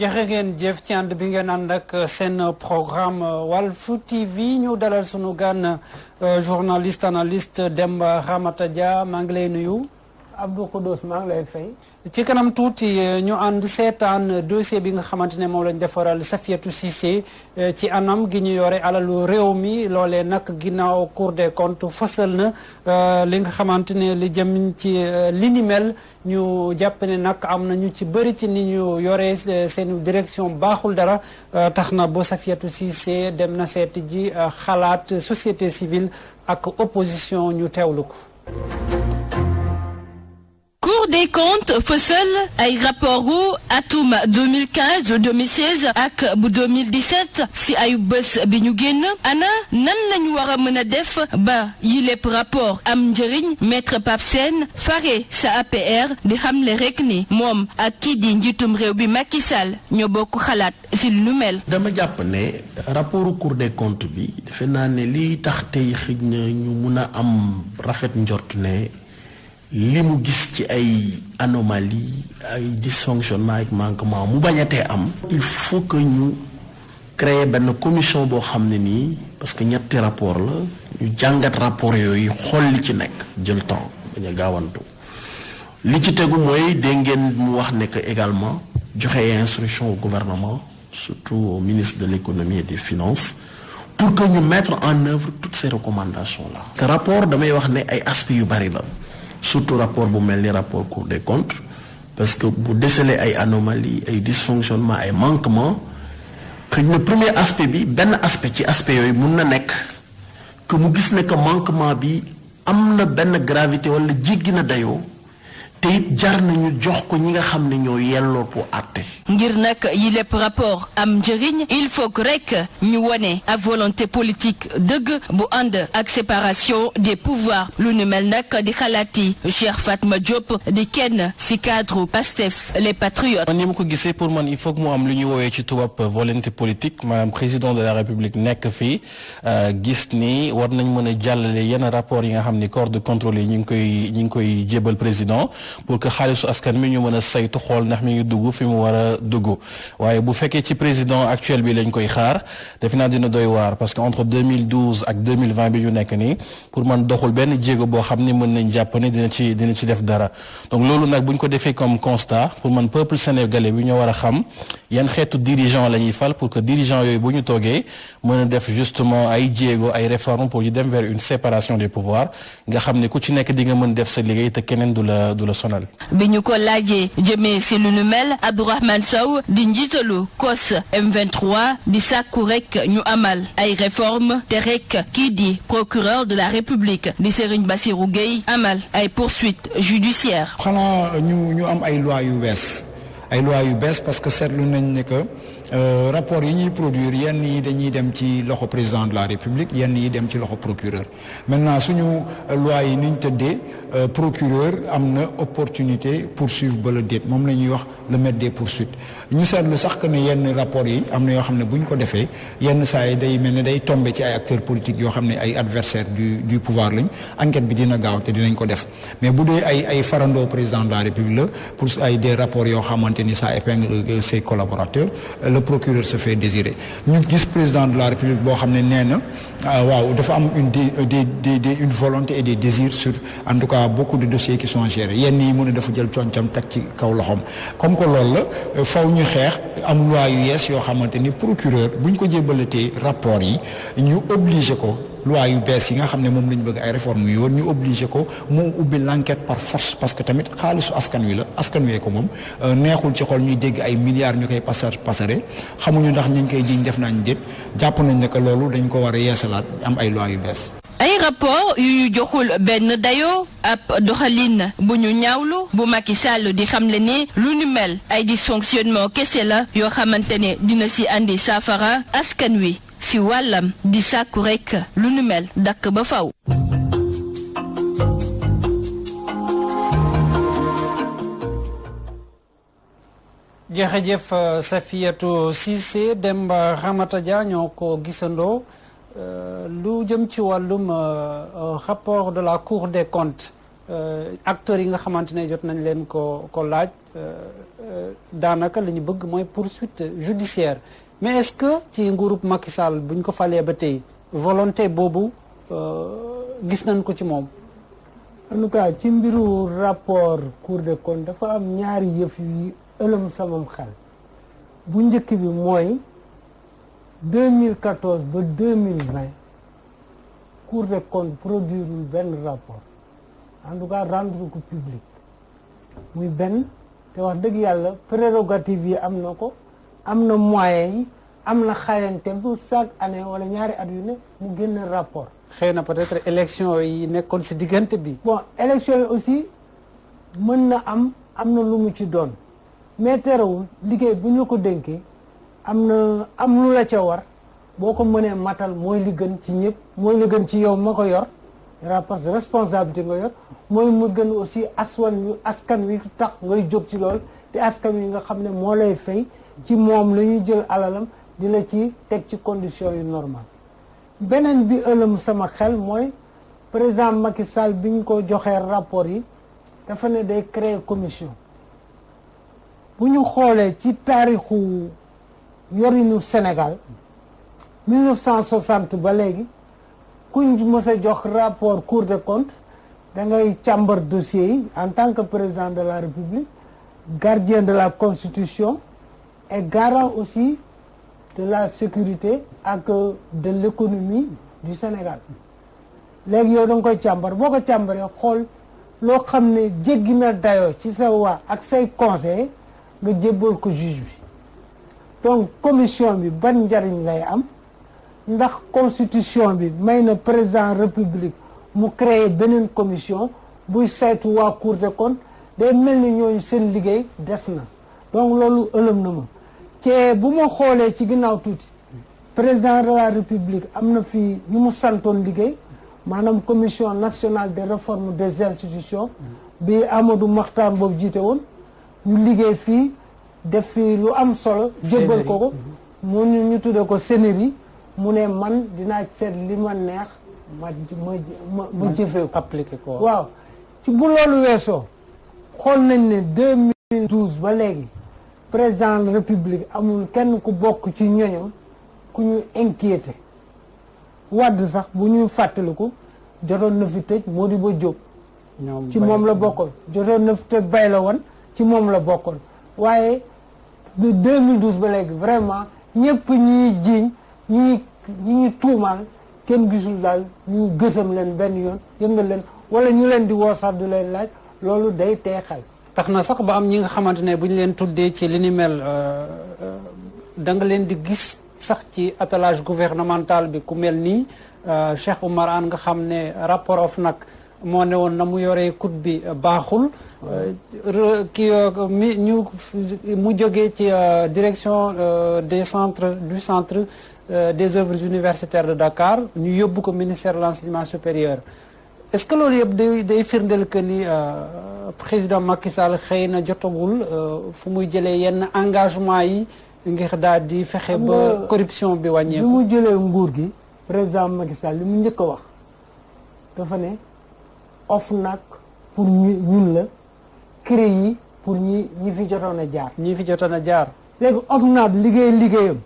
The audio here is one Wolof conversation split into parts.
jërë ngeen jëf ci ànd bi ngeen ànd ak seen programme euh, Walf TV ñu dalal sunu gan euh, journaliste analyste Demba Ramata Dia maa ngi lay nuyu. Abdou Khoudous maa ngi lay fay. ci kanam tuuti euh, ñu ànd seetaan dossier bi nga xamante ne moom lañ defaral Safiatou Cissé euh, ci anam gi ñu yore alalu réew mi loole nag ginnaaw Cour des comptes fësal na euh, li nga xamante ne li jëm ci li ni ñu jàpp ne nag am na ñu ci bëri ci ni ñu yore seen direction baaxul dara tax na ba Safiatou Cissé dem na seet ji xalaat société civile ak opposition ñu teewlu ko. Cour des comptes fësal ay rapportu atum 2015 2016 ak bu 2017 si ay bés bi ñu génn ana nan lañu war a mën a def ba yi lépp rapport am njëriñ maître Pape Sène fare sa APR di xamle rek ni moom ak kii di njiitum réew bi Macky Sall ñoo bokk xalaat si lu mel. dama jàpp ne rapportu Cour des comptes bi defe naa ne liy tax tey xëj na ñu mun a am rafet njort ne. li mu gis ci ay anomalie ay dysfonctionnement ak manquement mu bañatee am il faut que ñu créer benn commission boo xam ne nii parce que ñetti rapport la ñu jàngat rapport yooyu xool li ci nekk jël temps bañ a gaawantu li ci tegu mooy dégg ngeen mu wax ne que également joxe instruction au gouvernement surtout au ministre de l'économie et des finances pour que ñu mettre en œuvre toutes ces recommandations la te rapport damay wax ne ay aspects yu bari la. surtout rapport bu mel ni rapport Cour des comptes parce que bu déceler ay anomalies ay dysfonctionnements ay manquements xëñ na premier aspect bi benn aspect ci aspect yooyu mun na nekk que mu gis ne que manquement bi am na benn gravité wala jéggi na dayoo. te it jar nañu jox ko ñi nga xam ne ñoo yelloo pour àtte. ngir nag yi lépp rapport am njëriñ il faut que rek ñu wone à volonté politique dëgg bu ànd ak séparation des pouvoirs lu nu mel nag di xalaat yi Cheikh Fatma Diop di kenn si cadre PASTEF le patriotes. man ni ma ko gisee pour man il faut mu am lu ñuy woowee ci tubaab volonté politique maanaam président de la république nekk fii euh, gis ni war nañ mën a jàllale yenn rapport yi nga xam ni corps de contrôle yi ñu ngi koy ñu ngi koy jébal président. pour que xaalisu askan mi ñu mën a saytu xool ndax mi ngi dugg fi mu war a dugg waaye bu fekkee ci président actuel bi lañ koy xaar defe naa dina doy waar parce que entre 2012 ak 2020 bi ñu nekk nii pour man doxul benn jéego boo xam ni mën nañ jàpp ni dina ci dina ci def dara donc loolu nag bu ñu ko defee comme constat pour man peuple sénégalais bi ñoo war a xam yan xeetu dirigeant la ñuy fal pour que dirigeant yooyu bu ñu toogee mën a def justement ay jéego ay réformes pour ñu dem vers une séparation des pouvoirs nga xam ne ku ci nekk di nga mën def sa liggéey te keneen du la du la personnel. bi ñu ko laajee jëmee si lu nu mel Abdourahmane Sow di njiitalu COS M23 di sàkku rek ñu amal ay réformes te rek kii di procureur de la République di Serigne Bassirou Gueye amal ay poursuites judiciaires. xanaa ñu am ay lois yu bees ay lois yu bees parce que seetlu nañ ne que. Euh, rapport yi ñuy produire yenn yi dañuy dem ci loxo président de la république yenn yi dem ci loxo procureur maintenant suñu euh, loi yi ni ñu tëddee euh, procureur am na opportunité poursuivre ba la déet moom la ñuy wax le maître des poursuites ñu seetlu sax que ne yenn rapport yi am na yoo xam ne buñ ko defee yenn saa yi day mel ne day tombe ci ay acteurs politiques yoo xam ne ay adversaires du du pouvoir lañ enquête bi dina gaaw te dinañ ko def mais bu dee ay ay farandoo président de la pour ay des rapports yoo xamante ni ça épingle ses le procureur se fait désirer ñu gis président de la république boo xam ne nee na euh, waaw dafa am une euh, des des des une volonté et des désirs sur en tout cas beaucoup de dossiers qui sont gérés yenn yi mu ne dafa jël concam teg ci kaw comme que loolu la euh, faw ñu xeex am loi yu yees yoo xamante ni procureur bu ñu ko jébalatee rapport yi ñu obligé ko. loi yu bees yi nga xam ne moom lañu bëgg ay réformes yu woon ñu obligé ko mu ubbi l'enquête par force parce que tamit xaalisu askan wi la askan wee ko moom euh, neexul ci xol ñuy dégg ay milliards ñu koy pasar pasare xamuñu ndax ñañ koy jiñ def nañ déet jàpp nañ ne que loolu dañ ko war a yeesalaat am ay loi yu bees. ay rapport yu ñu joxul benn dayoo ab doxalin bu ñu ñaawlu bu Macky Sall di ne ni lu ni mel ay dysfonctionnement kese la yoo xamante ne dina si andi saafara askan wi. si wàllam di sàkku rekk lu nu mel dakk ba faw jërëjëf euh, Safiatou Cissé Demba Ramata Dia ñoo ko gisandoo euh, lu jëm ci wàllum euh, rapport de la Cour des comptes acteurs yi nga xamante ne jot nañ leen ko ko laaj daanaka li bëgg mooy poursuite judiciaire mais est-ce que ci nguru Macky Sall bu ñu ko falee ba tey volonté boobu euh, gis nañ ko ci moom en tout ci mbiru rapport Cour des comptes dafa am ñaari yëf yu ëlëm samam xel bu njëkk bi mooy 2014 ba 2020 Cour des produirul benn rapport en tout cas ko public muy benn te wax dëgg yàlla prérogative yi am na ko am na moyens yi am na xayante bu chaque année wala ñaari at yu ne mu génn rapport. xëy na peut-être élection yi nekkoon si diggante bi. bon élection yi aussi mën na am am na lu mu ci doon mais terewul liggéey bu ñu ko dénkee am na am lu la ca war boo ko mënee matal mooy li gën ci ñëpp mooy li gën ci yow ma ko yor parce que responsabilité nga yor mooy mu gën aussi aswan wi askan wi tax ngay jóg ci lool te askan wi nga xam ne moo lay fay. ci moom la ñuy jël alalam di la ci teg ci condition yu normal beneen bi ëlëm sama xel mooy président Macky Sall bi ñu ko joxee rapport yi dafa ne day créer commission bu ñu xoolee ci taarixu yorinu Sénégal 1960 ba léegi kuñ mës a jox rapport Cour des comptes da ngay càmbar dossier yi en tant que président de la République gardien de la Constitution est garant aussi de la sécurité ak euh, de l'économie du Sénégal léegi yow da nga koy càmbar boo ko càmbaree xool loo xam ne jéggi na dayoo ci sa waa ak say conseil nga jébbal ko juge bi donc commission bi ban njariñ lay am ndax constitution bi may na président république mu créer beneen commission buy saytu waa cour des comptes day mel ni ñooñu seen liggéey des na donc loolu ëlëm na ma te bu ma xoolee ci ginnaaw tuuti président de la république am na fii ñu mu santoon liggéey maanaam commission nationale de réforme des institutions bi Amadou Mahtar boobu jiite woon ñu liggéey fii def fi lu am solo jébbal ko ko mu ñu tuddee ko sénéri mu ne man dinaa seet li ma neex ma ma ma jëfee ko appliqué ko waaw ci bu loolu weesoo xool nañ ne 2012 ba léegi président de la république amul kenn ku bokk ci ñoñom ku ñu inquiété wadd sax bu ñuy fàttaliku jotoon na fi tëj Modibo Diop ci moom la bokkoon jotoon na fi bay la Wane ci moom la bokkoon waaye de 2012 ba léegi vraiment ñëpp ñuy jiiñ ñi ñi ñu tuumaal kenn gisul daal ñu gësëm leen benn yoon yëngal leen wala ñu leen di woo sax du leen laaj loolu day teexal tax na sax ba am ñi nga xamante ne bu ñu leen tuddee ci li ni mel euh, euh, da nga leen di gis sax ci attelage gouvernemental bi ku mel nii euh, Cheikh Oumar Anne nga xam ne rapport nag moo ne woon na mu yoree kut bi baaxul ki ñu mu jógee ci direction des centres du centre des œuvres universitaires de Dakar ñu yóbbu ko ministère de l'enseignement supérieur est loolu yëpp day firndeel que ni président Macky Sall xëy na jotagul euh, fu muy jëlee yenn engagement yi ngir daal di fexe ba corruption bi wàññeeku. bi mu jëlee nguur gi président Macky Sall li mu njëkk a wax dafa ne nag pour ñu ñun la CREI yi pour ñi ñi fi jotoon a jaar. ñi fi jotoon a jaar. léegi OFNAC liggéey liggéeyam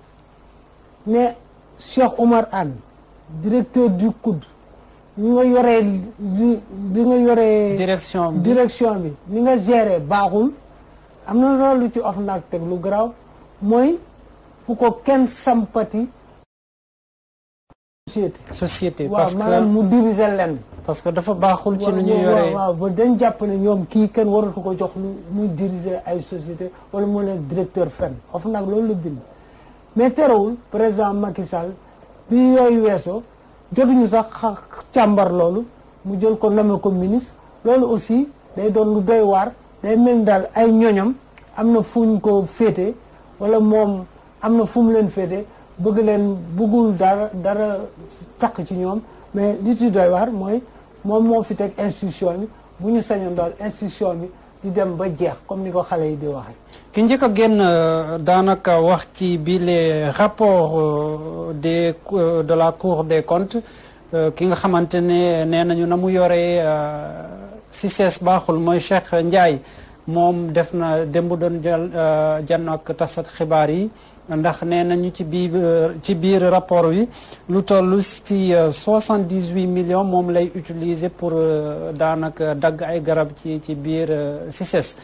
mais Cheikh Oumar Anne directeur du COUD. ni nga yoree li bi yoree. direction bi bi ni nga géré baaxul. am na loolu lu ci of naag teg lu garaaw mooy bu ko kenn sampati. société société parce que waaw mu diriger leen. parce que dafa baaxul ci nu ñuy yoree waaw ba dañ jàpp ne ñoom kii kenn waratu ko jox lu muy diriger ay société wala moo nekk directeur fen of nag loolu la bind. mais terewul président Macky Sall bi yooyu weesoo. jotuñu sax càmbar loolu mu jël ko nommé ko ministre loolu aussi day doon lu doy waar day mel daal ay ñoñam am na fu ñu ko féetee wala moom am na fu mu leen féete bëgg leen bëggul dara dara takk ci ñoom mais li ci doy waar mooy moom moo fi teg institution bi bu ñu sañoon daal institution bi di dem ba jeex comme ni ko xale yi di waxee. ki njëkk a génn euh, daanaka wax ci bi les rapports euh, des euh, de la cour des comptes ki nga xamante ne nee nañu na mu yoree yore CICES baaxul mooy Cheikh Ndiaye moom def na demb doon jël jànnak tasat xibaar yi ndax nee nañu ci biir ci biir rapport wi lu toll ci 78 millions moom lay utiliser pour daanaka dagg ay garab ci ci biir CICES.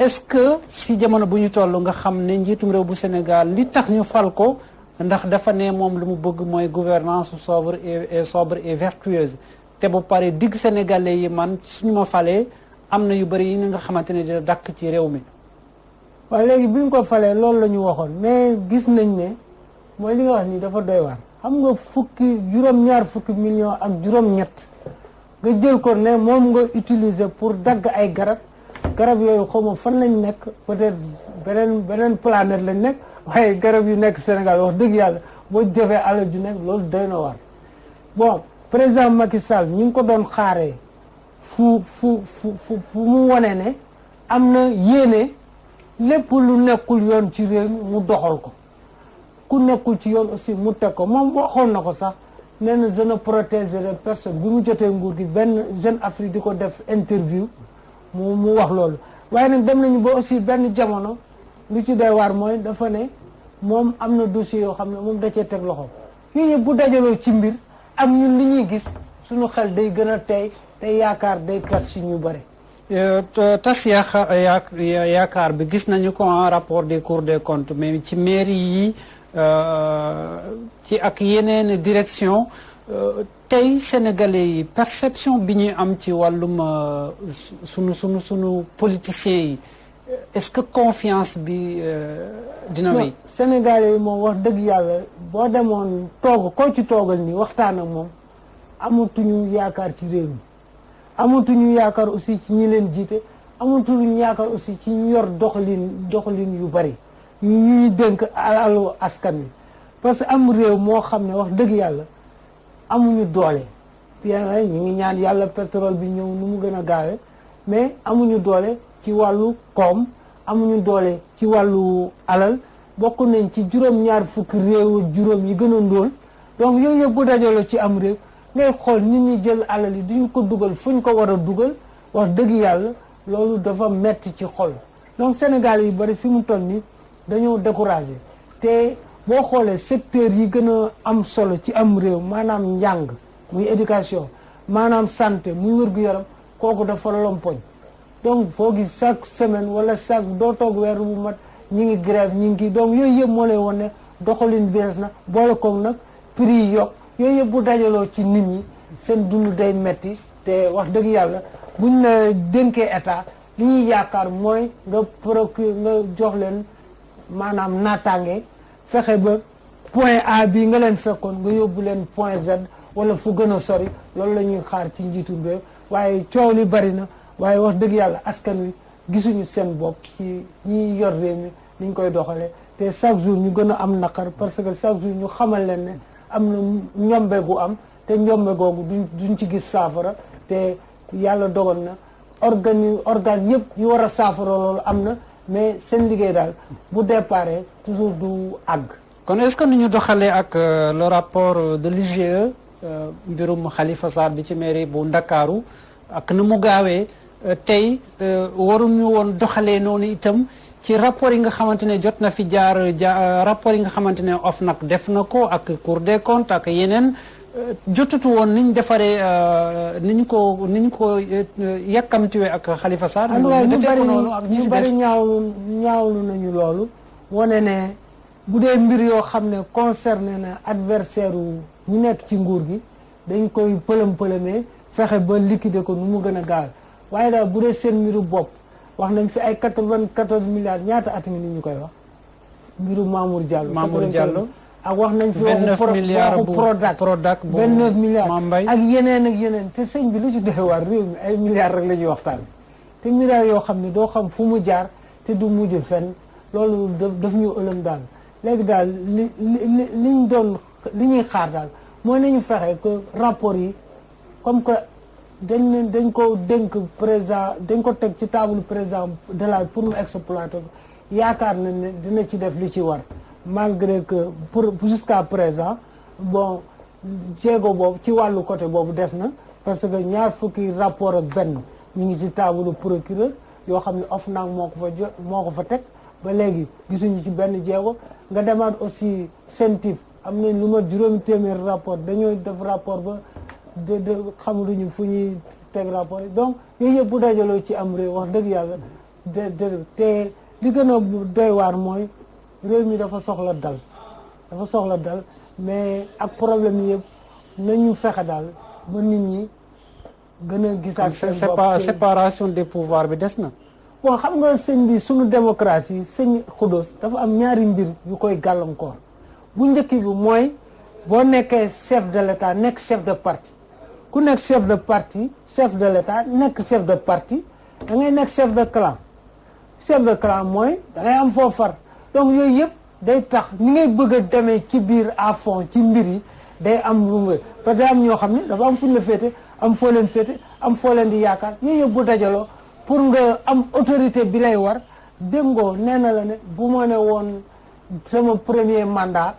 est-ce que si jamono bu ñu toll nga xam ne njiitum réew bu Sénégal li tax ñu fal ko ndax dafa ne moom lu mu bëgg mooy gouvernance sobre et sobre et vertueuse te bu pare digg sénégalais yi man suñu ma falee am na yu bëri yi nga xamante ne dina dàkk ci réew mi. waaw léegi bi ñu ko falee loolu la ñu waxoon mais gis nañ ne mooy li nga wax nii dafa doy waar xam nga fukki juróom-ñaar fukki million ak juróom-ñett nga jël ko ne moom nga utiliser pour dagg ay garab. garab yooyu xaw fan lañ nekk peut-être beneen beneen planète lañ nekk waaye garab yu nekk Sénégal wax dëgg yàlla boo jëfee alal ju nekk loolu doy na war bon président Macky Sall ñu ngi ko doon xaaree fu fu fu fu mu wone ne am na yéene lépp lu nekkul yoon ci réew mu doxal ko ku nekkul ci yoon aussi mu teg ko moom waxoon na ko sax nee na je ne protégerai personne bi mu jotee nguur gi benn Jeune Afrique di ko def interview mu mu wax loolu waaye nag dem nañu ba aussi benn jamono lu ci doy waar mooy dafa ne moom am na dossier yoo xam ne moom da cee teg loxo yooyu bu dajaloo ci mbir ak ñun ñuy gis suñu xel day gën a tey te yaakaar day tas si ñu bëri. Euh, tas yaa yaakaar bi gis nañu ko en rapport des cours de comptes mais ci mairie yi euh, ci ak yeneen direction euh, tey sénégalais yi perception bi ñuy am ci wàllum euh, sunu sunu sunu politiciens yi euh, est-ce que confiance bi euh, dina may sénégalais yi moom wax dëgg yàlla boo demoon toog koo ci toogal nii waxtaan ak moom amatuñu yaakaar ci réew mi amatuñu yaakaar aussi ci ñu leen jiite amatuñu yaakaar aussi ci ñu yor doxaliin doxalin yu bari ñu ñu dénk alalu askan wi parce que am réew moo xam ne wax dëgg yàlla amuñu doole bien vrai ñu ngi ñaan yàlla pétrole bi ñëw nu mu gën a gaale mais amuñu doole ci wàllu koom amuñu doole ci wàllu alal bokk nañ ci juróom-ñaar fukki réew ak juróom yi gën a ndóol donc yooyu yëpp bu dajaloo ci am réew ngay xool nit ñi jël alal yi duñu ko dugal fu ñu ko war a dugal wax dëgg yàlla loolu dafa metti ci xol donc Sénégal yi bari fi mu toll nii dañoo découragé boo xoolee secteur yi gën a am solo ci am réew maanaam njàng muy éducation maanaam santé muy wér-gu-yaram kooku dafa lompoñ donc foo gis chaque semaine wala chaque doo toog weer bu mat ñi ngi grève ñi ngi donc yooyu yëpp moo lay wan doxalin bees na boole koog nag prix yi yokk yooyu yëpp bu dajaloo ci nit ñi seen dund day metti te wax dëgg yàlla bu buñ la dënkee état li ñuy yaakaar mooy nga procure nga jox leen maanaam naataange fexe ba point A bii nga leen fekkoon nga yóbbu leen point Z wala fu gën a sori loolu la ñuy xaar ci njiitu réew waaye coow li bari na waaye wax dëgg yàlla askan wi gisuñu seen bopp ci ñiy yor réew mi ni ñu koy doxalee te chaque jour ñu gën a am naqar parce que chaque jour ñu xamal leen ne am na njombe gu am te njombe googu duñ duñ ci gis saafara te yàlla dogal na organe organ yëpp yu war a saafara loolu am na mais seen liggéey daal bu déparé toujours du àgg. kon est-ce que nu ñu doxalee ak euh, le rapport de l'IGE euh, mbirum xalifa Sarr bi ci mairie bu Ndakaaru ak nu mu gaawee euh, tey waruñu woon doxalee noonu itam ci rapport yi nga xamante ne jot na fi jaar ja rapport yi nga xamante ne OFNAC def na ko ak Cour des comptes ak yeneen jotutu woon ni ñu defaree euh, ni ñu ko ni ko euh, yàkkamtiwee ak Khalifa Sall. ñu defee ko ak ñi si des ñu bari ñaawlu nañu loolu. wane ne bu dee mbir yoo xam ne concerné na adversaire wu ñi nekk ci nguur gi dañ koy pëlëm pëlëmee fexe ba liquider ko nu mu gën a gaaw waaye daal bu dee seen mbiru bopp wax nañ fi ay quatre-vingt-quatorze milliards ñaata at ni ñu koy wax. mbiru Mamour Diallo Mamour Diallo. ak wax nañ fi waxu Prodac Prodac vingt neuf milliards ak yeneen ak yeneen te sëñ bi lu ci doy waar réew mi ay milliards rek la ñuy waxtaan te milliards yoo xam ne doo xam fu mu jaar te du mujj fenn loolu daf ñu ëlëm daal léegi daal li li liñ doon li ñuy xaar daal mooy nañu fexe que rapport yi comme que dañ dañ ko dénk président dañ ko teg ci table président de la pour mu exploiter yaakaar nañ ne dina ci def li ci war malgré que pour jusqu'à présent bon jéego boobu ci wàllu côté boobu des na parce que ñaar fukki rapport ak benn ñu ngi ci taabalu procureur yoo xam ne OFNAC moo ko jo moo ko fa teg ba léegi gisuñu ci benn jéego nga demaat aussi CENTIF am na lu ma juróomi téeméer rapport dañoo def rapport ba de de xamuluñu fu ñuy teg rapport donc yooyu yëpp bu dajaloo ci am réew wax dëgg yàlla de de te li gën a doy waar mooy réew mi dafa soxla dal dafa soxla dal mais ak problème yëpp nañu fexe daal ba nit ñi gën a gisaat seen bopp séparation des pouvoirs bi des na waaw xam nga sëñ bi suñu démocratie sëñ Xudóos dafa am ñaari mbir yu koy gàllankoor bu njëkk bi mooy boo nekkee chef de l'état nekk chef de parti ku nekk chef de parti chef de l'état nekk chef de parti da ngay nekk chef de clan chef de clan mooy da ngay am foo far donc yooyu yëpp day tax ni ngay bëgg a demee ci biir à fond ci mbir yi day am lu parce que am ñoo xam ne dafa am fuñ la féete am foo leen féete am foo leen di yaakaar yooyu yëpp bu dajaloo pour nga am autorité bi lay war déngoo nee na la ne bu ma ne woon sama premier mandat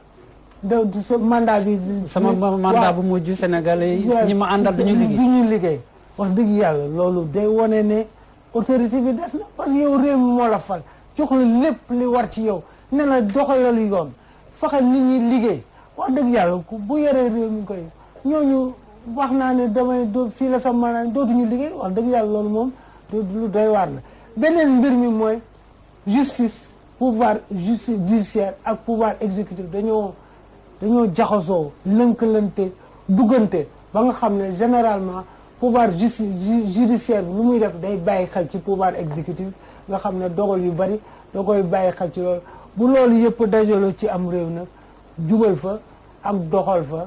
de sa mandat bi. sama mandat bu mujj Sénégal yi ñi ma àndal du liggéey du ñu liggéey wax dëgg yàlla loolu day wane ne autorité bi des na parce que yow réew moo la fal. jox la lépp li war ci yow ne la doxalal yoon fexe nit ñi liggéey wax dëgg yàlla ku bu yoree réew mi koy wax naa ne damay doo fii la sax maanaam dootuñu liggéey wax dëgg yàlla loolu moom lu doy waar la beneen mbir mi mooy justice pouvoir justice judiciaire ak pouvoir exécutif dañoo dañoo jaxasoo lënkalante duggante ba nga xam ne généralement pouvoir justice judiciaire bi lu muy def day bàyyi xel ci pouvoir exécutif nga xam ne dogal yu bari da koy bàyyi xel ci loolu bu loolu yëpp dajaloo ci am réew nag jubal fa ak doxal fa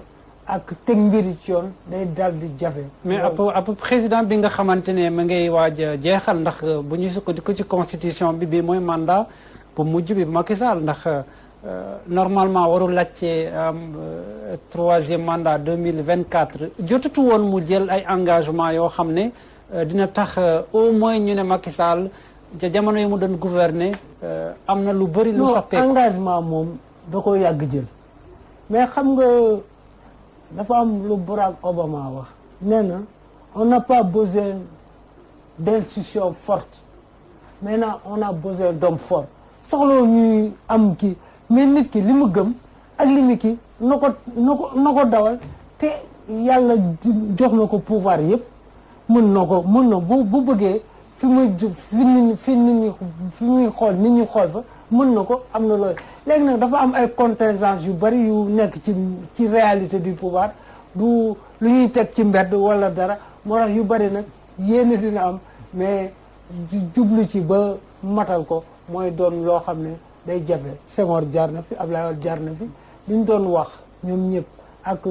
ak teg mbiri ci yoon day dal di jafe. mais ab président bi nga xamante ne ma ngay waaj a jeexal ndax euh, bu ñu sukkandiku ci constitution bi bii mooy mandat bu mujj bi Macky Sall ndax euh, normalement warul laajte euh, troisième mandat deux mille vingt quatre jotutu woon mu jël ay engagement yoo xam ne dina tax au moins ñu ne Macky ca jamono yi mu doon gouverner euh, am na lu bëri lu sappee moom da ko yàgg jël mais xam nga dafa am lu Barack Obama wax nee na on n'a pas besoin d'institutions fortes maintenant on a besoin d'hommes forts soxloo ñuy am ki mais nit ki li mu gëm ak li mu kii na ko na ko na ko dawal te yàlla jox na ko pouvoir yëpp mën noo ko mën na bu bu bëggee fi muy jub fi nit fi fi muy xool nit ñi xool fa mën na ko am na loolu léegi nag dafa am ay contingences yu bari yu nekk ci ci réalité du pouvoir du lu ñuy teg ci mbedd wala dara moo tax yu bari nag yéen dina am mais jublu ci ba matal ko mooy doon loo xam ne day jafe Senghor jaar na fi ab Wade jaar na fi li doon wax ñoom ñëpp ak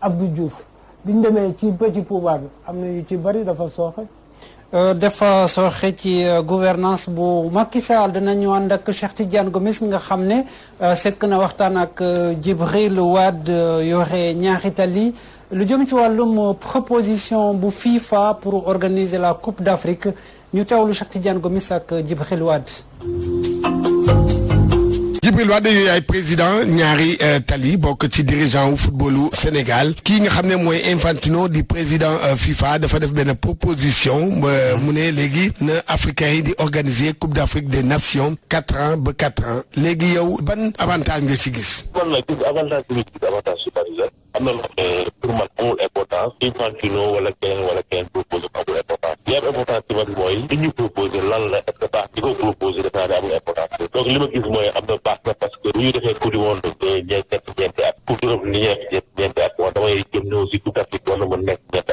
Abdou Diouf biñ demee ci ba ci pouvoir am na yu ci bari dafa sooxe dafa soxe ci gouvernance bu Macky Sall dinañu ànd ak Cheikh Tidiane Gomis nga xam ne euh, sekk na waxtaan ak euh, Djibril Wade euh, yore ñaari tali lu jëm ci wàllum proposition bu FIFA pour organiser la Coupe d'Afrique ñu teewlu Cheikh Tidiane Gomis ak Djibril Wade Djibril yooy yaay président ñaari euh, tali bokk ci dirigeant wu footballu Sénégal kii nga xam ne mooy Infantino di président euh, FIFA dafa def benn proposition euh, mhm. mu ne léegi na africains yi di organiser Coupe d'Afrique des Nations quatre ans ba quatre ans léegi yow ban avantage nga ci gis. am na loo xam ne pour man amul importance Infantino wala keneen wala keneen proposé ko amul importance li mooy li ñu proposé lan la est ce que baax di ko proposé defe naa ne importance donc li ma gis mooy am na baax na parce que ñu defee coupe du monde ñeenti at coupe d'Europe li ñuy def ñeenti at moom damay jëm aussi coupe d'Afrique war na mën nekk ñeenti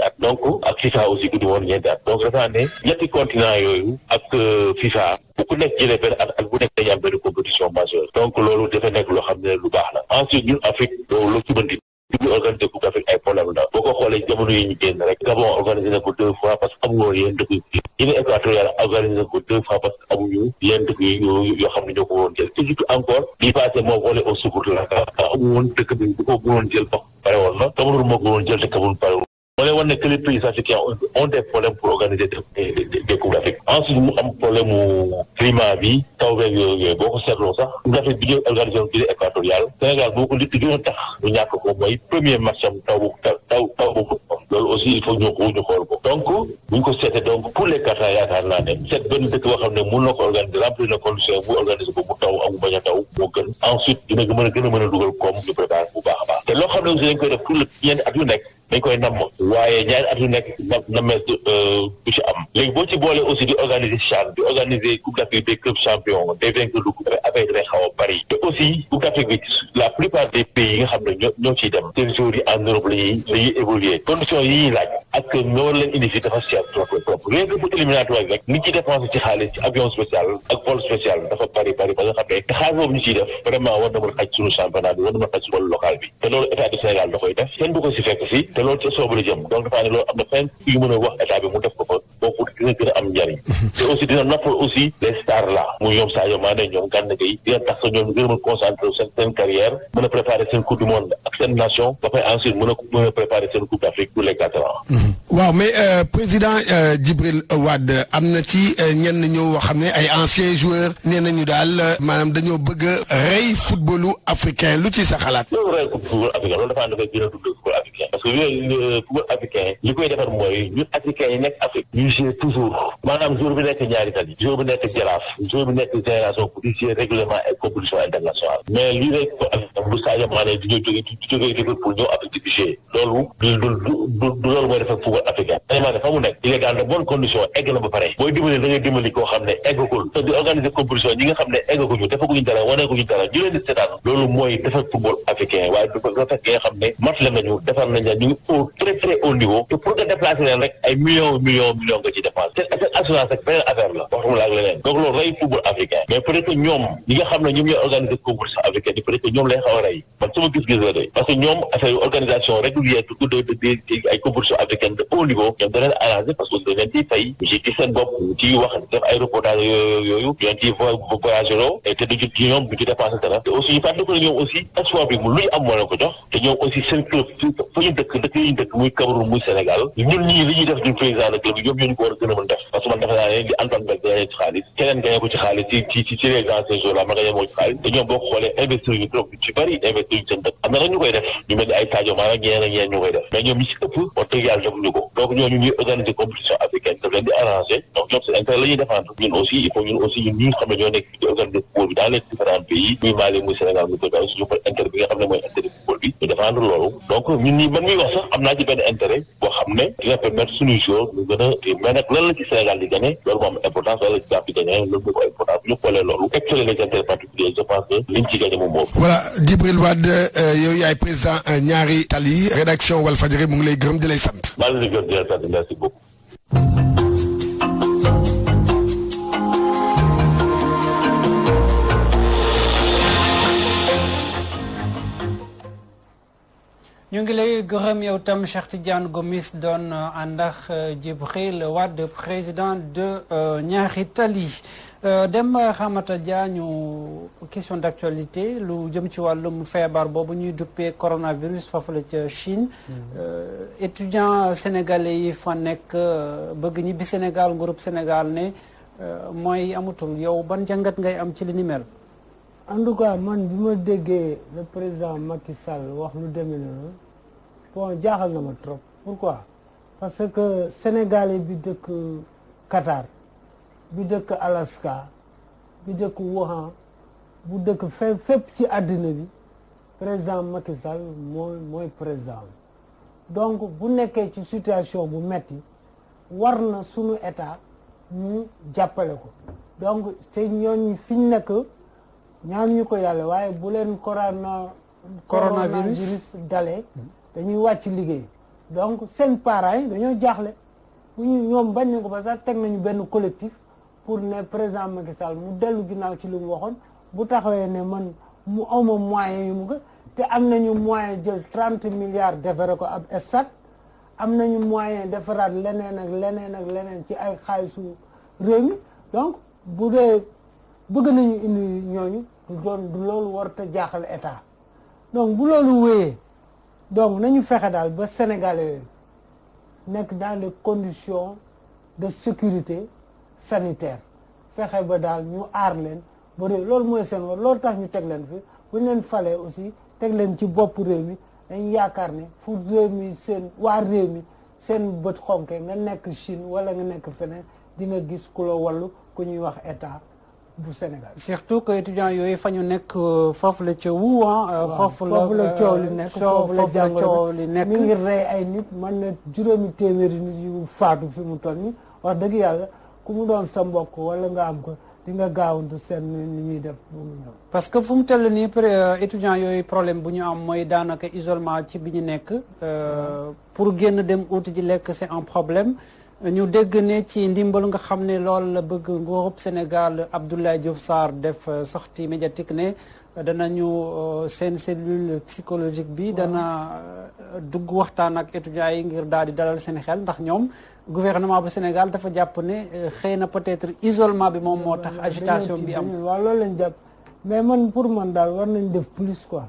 at donc ak FIFA aussi coupe du monde ñeenti at donc defe ne ñetti continent yooyu ak euh, FIFA ku nekk jëlee benn at ak bu nekk dañuy compétition majeure donc loolu dafa nekk loo xam ne lu baax la ensuite Afrique loolu la ci organiser Coupe ko xoolee parce que amuñu yenn dëkk yoo xam ne ñoo ko woon jël Égypte encore bii passé moom xoolee au secours la amuñu woon dëkk bi jël ba pare woon na jël te Cameroun moo lay wan ne que les pays des problèmes pour organiser des des des coupes d'Afrique ensuite mu problème mu climat bi ta beeg yooyu boo ko seetloo sax coupe d'Afrique bi ñu organisé woon Guinée équatoriale Sénégal boo ko li gën a tax ñu ñàkk ko mooy premier match taw taw taw boobu. loolu aussi il faut ñu ko xool ko donc bu ñu ko seetee donc pour les Qatar yaakaar naa ne seet benn dëkk boo xam ne mun na organiser remplir na condition bu organiser bu a taw moo gën ensuite a gën a mën a baax baax te loo xam ne aussi dañ koy pour le ñeenti at nekk dañ koy namm waaye ñaari at yu nekk na nammees euh, du ci am léegi boo ci boolee aussi di organiser CHAN di organiser Coupe d'Afrique des clubs champions des vainqueurs de coupe avec xaw a bari te aussi Coupe d'Afrique bi la plupart nga xam ne ñoo ñoo ciy dem seen joueurs yi en la évoluer condition élection yi ñuy laaj ak nga leen indi fii dafa cher trop trop rien bu éliminatoire rek ni ci dépensé ci xaalis ci avion spécial ak vol spécial dafa bari bari ba nga xam ne te xaalis boobu ñu ciy def kenn du si fekk si te loolu ci soobu jëm donc dafa ne loolu am na fenn yu mën a wax état bi mu def ko fa boobu dina gën a am njariñ te aussi dina noppal aussi les stars là mu ñoom Sadio Mané ñoom Gana Gueye dina tax sa ñoom gën a mën concentré a a a les quatre ans. Mhm. waaw mais euh, président euh, Djibril Wade am na ci ñëw euh, ñoo xam ne ay anciens joueurs nee nañu daal maanaam dañoo bëgg a rey footballu africain lu ci sa xalaat. loolu rey football africain loolu a dund football africain parce que yooyu football africain yi nekk Afrique. ñu jouer toujours maanaam jour bi bi nekk jaraaf. jour bi nekk génération pour di jouer règlement et compétition internationale. du du loolu mooy defar football africain vraiment dafa mu nekk di nga daan de bonne condition egg na ba pare booy dimbali da ngay dimbali koo xam ne eggagul te di organiser compétition ñi nga xam ne eggaguñu defaguñu dara waneeguñu dara ñu leen di seetaan loolu mooy defar football africain waaye du ko nga fekk nga xam ne match la nañu defar nañ la ñu ngi au très très haut niveau te pour nga déplacer leen rek ay millions millions millions nga ci dépense te seen assurance rek beneen affaire la waxuma la ak leneen donc loolu rey football africain mais peut-être que ñoom ñi nga xam ne ñoom ñooy organiser compétition africaine yi peut-être que ñoom lay xaw a rey man sama gis-gis la de parce que ñoom affaire organisation régulière tout de ay compétition africaine de haut niveau ñoom da fay ji ci seen bopp ci wax def ay yooyu yooyu leen ciy ci ñoom du ci dépensé ne ñoom aussi sport mu lu ñu am moo leen ko jox te ñoom aussi seen club dëkk dëkk dëkk muy Cameroun muy li ñuy def du président de club yi ñoom ñoo ñu def man ne li koy def ñu mel ni ëpp wax dëgg yàlla ko ñooñu ñuy organiser compétition africaine daf leen ñoom seen intérêt la ñuy aussi il faut ñun aussi ñun ñoo nekk di organiser football bi dans les différents pays muy Mali muy Sénégal muy Côte d'Ivoire loolu donc ñun ñi man muy wax sax am naa ci benn intérêt xam ne dina permettre suñuy joueurs ñu gën a Sénégal di gagné loolu moo importance loolu loolu excellé les intérêts particuliers je pense que liñ ci gagné moom moom voilà Djibril euh, gërëm di lay sant. maa ngi lay gërëm di la sant merci beaucoup. ñu ngi lay gërëm yow tam Cheikh Tidiane Gomis doon euh, ànd ak euh, Djibril Wade président de Ñaari euh, Tali dem Hamata Dia ñu question d'actualité lu jëm ci wàllum feebar boobu ñuy duppee coronavirus foofu la ca Chine mm-hmm. étudiant sénégalais yi fa nekk bëgg ñibbi Sénégal groupe Sénégal ne mooy amatul yow ban jàngat ngay am ci li ni en tout cas man bi ma déggee le président Macky Sall wax lu demee noonu bon na ma trop pourquoi parce que sénégalais bi dëkk Qatar bi dëkk Alaska bi dëkk Wuhan bu dëkk fé fépp ci àddina bi président Macky mooy mooy président donc bu nekkee ci situation bu metti war na sunu état mu jàppale ko donc te ñooñu fi nekk. ñaan ñu ko yàlla waaye bu leen corona coronavirus dalee dañuy wàcc liggéey donc seen parents yi dañoo jaaxle bu ñu ñoom bañ nañ ko ba sax teg nañu benn collectif pour ne présent Macky mu dellu ginnaaw ci li mu waxoon bu taxawee ne man mu awma moyen yu mu ko te am nañu moyen jël trente milliards defare ko ab estat am nañu moyen defaraat leneen ak leneen ak leneen ci ay xaalisu réew mi donc bu dee bëgg nañu indi ñooñu du doon loolu warta jaaxal état donc bu loolu wéyee donc nañu fexe daal ba sénégalais nekk dans condition de sécurité sanitaire fexe ba daal ñu aar leen ba réew loolu mooy seen war loolu tax ñu teg leen fi bu leen falee aussi teg leen ci bopp réew mi dañ yaakaar ne fu réew mi seen waar réew mi seen bët xonke nga nekk Chine wala nga nekk feneen di nga gis ku la wallu ku ñuy wax état du Sénégal. surtout que étudiants yooyu fa ñu nekk euh, foofu la ca wu ah. Euh, foofu euh, nekk foofu ngi rey ay nit man na juróomi téeméeri nit yu faatu fi mu toll nii wax dëgg yàlla ku mu doon sa mbokk wala nga am ko. di nga du seen ni ñuy def bu mu ñëw. parce que fu mu toll nii étudiants yooyu problème bu ñu am mooy daanaka isolement ci bi ñu nekk. pour génn dem uti ji lekk c'est un problème. ñu dégg ne ci ndimbalu nga xam ne lool la bëgg nguurub Sénégal Abdoulaye Diouf Sarr def euh, sortie médiatique ne euh, danañu euh, seen cellule psychologique bi dana dugg waxtaan ak étudiants yi ngir daal di dalal seen xel ndax ñoom gouvernement bu Sénégal dafa jàpp ne xëy na peut-être isolement bi moom moo tax agitation bi am waaw loolu lañ jàpp mais man pour man daal war nañ def plus quoi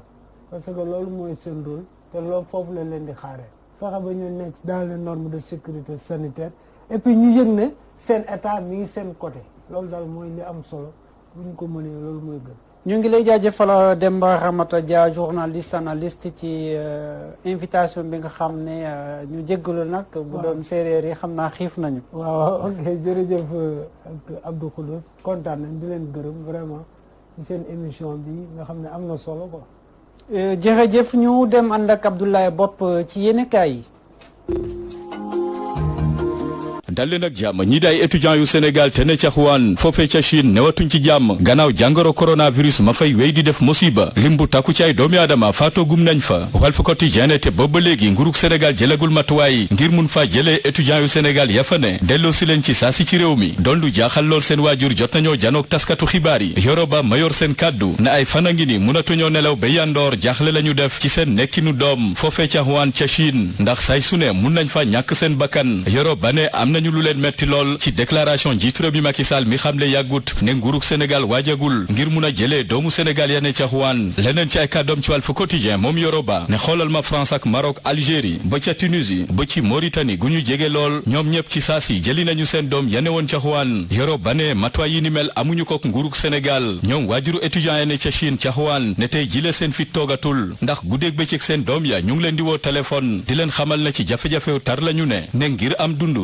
parce que loolu mooy seen rôle te loolu foofu la leen di xaaree fexe ba ñu nekk dans les norme de sécurité sanitaire et puis ñu yëg ne seen état mi ngi seen côté loolu daal mooy li am solo bu ñu ko mënee loolu mooy gën. ñu ngi lay jaajëfal Demba Ramata Dia journaliste analyste ci euh, invitation bi nga xam ne euh, ñu jéggalu nag. bu doon séeréer yi xam naa xiif nañu. waaw ok jërëjëf euh, ak Abdou Khoulous kontaan nañ di leen gërëm vraiment ci seen émission bi nga xam ne am na solo quoi. Euh, jërëjëf ñu dem ànd ak Abdoulaye Bopp euh, ci yéenekaay yi. dal leen ak jàmm ñii daay étudiants yu Sénégal te ne ca Wuhan foofee ca Chine newatuñ ci jàmm gannaaw jàngoro coronavirus ma fay wéy di def musiba lim bu takku ci ay doomi aadama faatoogum nañ fa Walf Quotidien te booba léegi nguurug Sénégal jëlagul matuwaay ngir mun faa jëlee étudiants yu Sénégal ya fa ne delloo si leen ci saa ci réew mi doon lu jaaxal lool seen waajur jot nañoo janoog taskatu xibaar yoro Yoroba mayor seen kàddu na ay fana ngi ni munatuñoo nelaw ba yandoor jaaxle la ñu def ci seen nekkinu doom foofee ca Wuhan ca ndax say su ne mun nañ fa ñàkk seen bakkan Yoroba ne nañu lu leen metti lool ci déclaration njiitu réew mi Macky Sall mi xamle yàggut ne nguurug Sénégal waajagul ngir mun a jëlee doomu Sénégal ya ne ca Wuhan leneen ci ay kàddoom ci Walf Quotidien moom Yoroba ne xoolal ma France ak Maroc Algérie ba ca Tunisie ba ci Mauritanie gu ñu jege lool ñoom ñëpp ci saa si jëli nañu seen doom ya ne woon ca Wuhan Yoroba ne matuwaay yi ni mel amuñu ko nguurug Sénégal ñoom waajuru étudiant ya ne ca Chine ca Wuhan ne tey jile seen fit toogatul ndax guddeeg bëccëg seen doom ya ñu ngi leen di woo téléphone di leen xamal na ci jafe-jafew tar lañu ne ne ngir am dund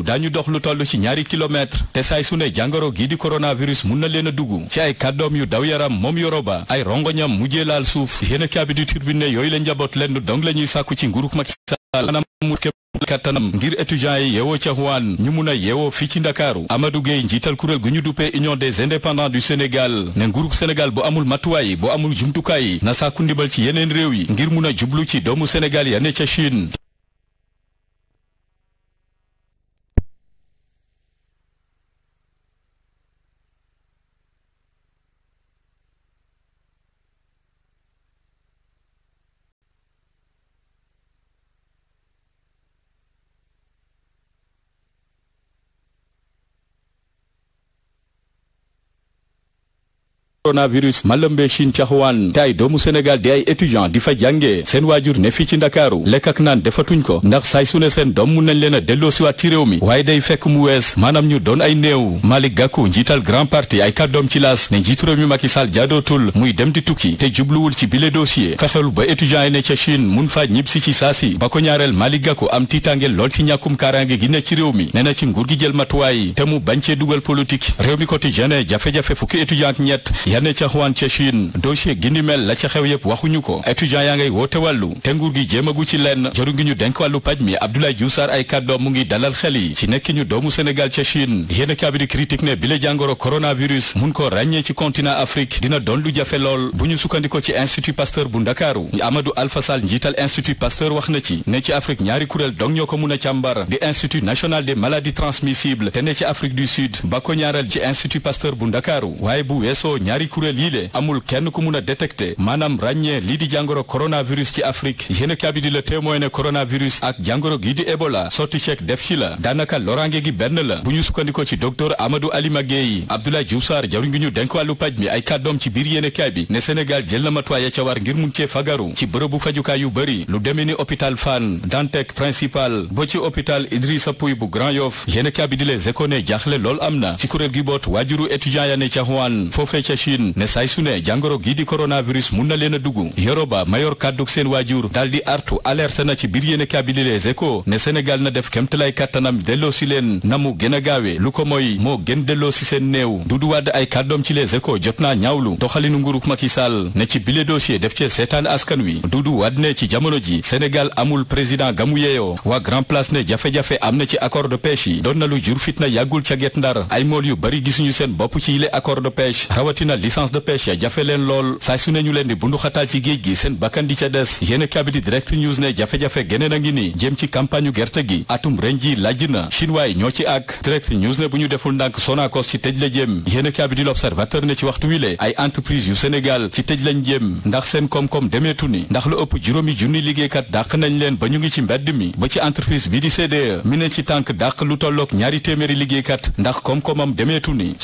lu toll ci ñaari kilomètre te saay su ne jàngoro gii di coronavirus mun na leen a dugg ci ay kàddoom yu daw yaram moom yoroba ay rongoñam mujjee laal suuf yéen a kaabi di turbine yooyu la njaboot lenn dong la ñuy sàkku ci nguruk Macky Sall maanaam mu képp kattanam ngir étudiants yi yeewoo ca Wuhan ñu mun a yeewoo fii ci Ndakaaru Amadou Gueye njiital kuréel gu ñu duppee Union des indépendants du Sénégal ne nguurug Sénégal bu amul matuwaay bu amul jumtukaay na sàkku ndimbal ci yeneen réew yi ngir mun a jublu ci doomu Sénégal coronavirus ma lëmbee Chine caxuwaan te ay doomu Sénégal di ay étudiant di fa jàngee seen waajur ne fii ci ndakaaru lekk ak naan defatuñ ko ndax saay su seen doom mun nañ leen a delloo siwaat ci réew mi waaye day fekk mu wees maanaam ñu doon ay néew Malick Gakou njiital grand parti ay kàddoom ci laas ne njiitu réew mi Macky Sall jaadootul muy dem di tukki te jubluwul ci bile dossier fexelu ba étudiant yi ne ca Chine mun faa ñibbisi ci saasi ba ko ñaareel Malick Gakou am tiitaange lool ci ñàkkum kaaraange gi ne ci réew mi ne na ci nguur gi jël matuwaay te mu bañ cee dugal politique réew mi quotidien jafe-jafe fukki étudiant ak ñett yane ca xuwaan ca Chine dossier gi ni mel la ca xew yëpp waxuñu ko étudiant yaa ngay woote wàllu te nguur gi jéemagu ci lenn joru ngi ñu denk wàllu paj mi Abdoulaye Diouf Sarr ay kàddoom mu ngi dalal xel yi ci nekki ñu doomu Sénégal ca Chine yéen a kaabidi critique ne bi la jàngoro coronavirus mun ko ràññee ci continent Afrique dina doon lu jafe lool bu ñu sukkandiko ci Institut Pasteur bu Ndakaaru Amadou Alpha Sall njiital Institut Pasteur wax na ci ne ci Afrique kuréel dong ñoo ko mun a càmbar di Institut national des maladies transmissibles te ne ci Afrique du Sud kuréel yii le amul kenn ku mun a détecté maanaam ràññee lii di jàngoro coronavirus ci Afrique yéen a kaabi di la témoin ne coronavirus ak jàngoro gii di Ebola sotti ceeg def ci la daanaka loraange gi benn la bu ñu sukkandikoo ci docteur Amadou Ali Maguèye Abdoulaye Diouf Sarr jawriñ ñu denk wàllu paj mi ay kàddoom ci biir yéen kaay ne Sénégal jël na matuwaay ya ca war ngir mun cee fagaru ci bërëbu fajukaay yu bëri lu demee ni hôpital Fann Dantec principal ba ci hôpital Idrissa Pouye bu Grand Yoff yéen kaay bi di les écone jaaxle lool am na ci gi boot waajuru étudiant Tine ne saay su ne jàngoro gii di coronavirus mun na leen a dugg Yoroba mayor kàdduk seen waajur daal artu alerte na ci biir yéen kabili Les Échos ne Sénégal na def kemtalaay kàttanam delloo leen na mu gën a gaawe lu ko mooy moo gën delloo si seen néew Doudou Wade ay kàddoom ci Les Échos jot naa ñaawlu doxalinu nguuruk Macky Sall ne ci bile dossier def cee seetaan askan wi Doudou Wade ne ci jamono ji Sénégal amul président gamu yeeyoo waa Grand Place ne jafe-jafe am na ci accord de pêche yi doon na lu jur fitna yàggul ca Guet ay mool yu bari gisuñu seen bopp ci yile accord de licence de pêche jafe leen lool saa su ne ñu leen di bunduxataal ci géej gi seen bakkan di ca des yéen kabi di direct news ne jafe-jafe geneen a ngi ni jëm ci campagne gerte gi atum ren ji lajj na chinois yi ñoo ci ak direct news ne bu ñu deful ndànk Sonacos ci tëj la jëm yéen kabi di l'observateur ne ci waxtu wi le ay entreprise yu Sénégal ci tëj lañ jëm ndax seen koom-koom demeetu ni ndax lu ëpp juróomi junni liggéeykat dàq nañ leen ba ñu ngi ci mbedd mi ba bi di CDE mi ne ci tànk dàq lu tollook ñaari téeméeri liggéeykat ndax koom-koomam demeetu ni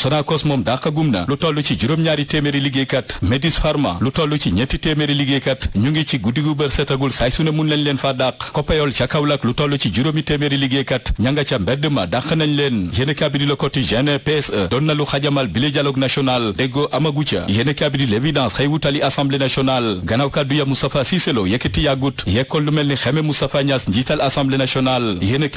juróom-ñaari téeméeri liggéeykat Medis Pharma lu toll ci ñetti téeméeri liggéeykat ñu ngi ci guddi gu bër setagul saay su ne mun lañ leen fa dàq Copéol ca Kaolack lu toll ci juróomi téeméeri liggéeykat ña ca mbedd ma dàq nañ leen yéen kabi di PSE e, doon na lu xajamal bi le national déggoo amagu ca yéen kabi di wutali assemblée nationale gannaaw ya Moustapha Cissé Lo yàggut yekkoon lu mel ni xeme Moustapha Niass njiital assemblée nationale yéen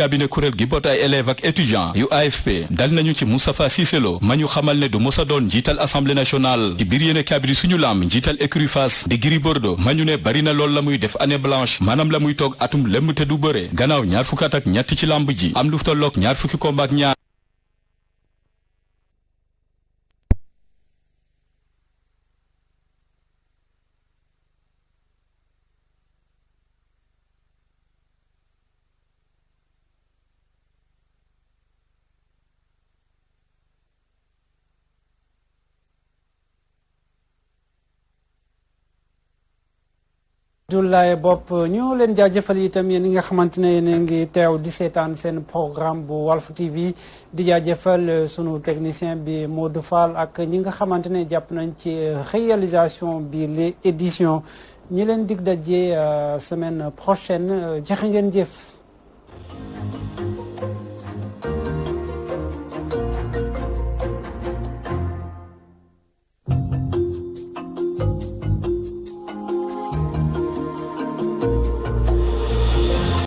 national ci biir suñu lam njiital écurie di Gris Bordeaux ma ne bari lool la muy def année blanche maanaam la muy toog atum lëmm te du bëre gannaaw ñaar fukkaat ak ñett ci lamb ji am lu tolloog ñaar fukki combat ñaar Abdoulaye Bopp ñoo leen jaajëfal itam yéen ñi nga xamante ne yéen ngi teew di seetaan seen programme bu Walf TV di jaajëfal euh, sunu technicien bi Modou Fall ak ñi nga xamante ne jàpp nañ ci euh, réalisation bi le édition ñi leen dig daje euh, semaine prochaine jaxe ngeen jëf.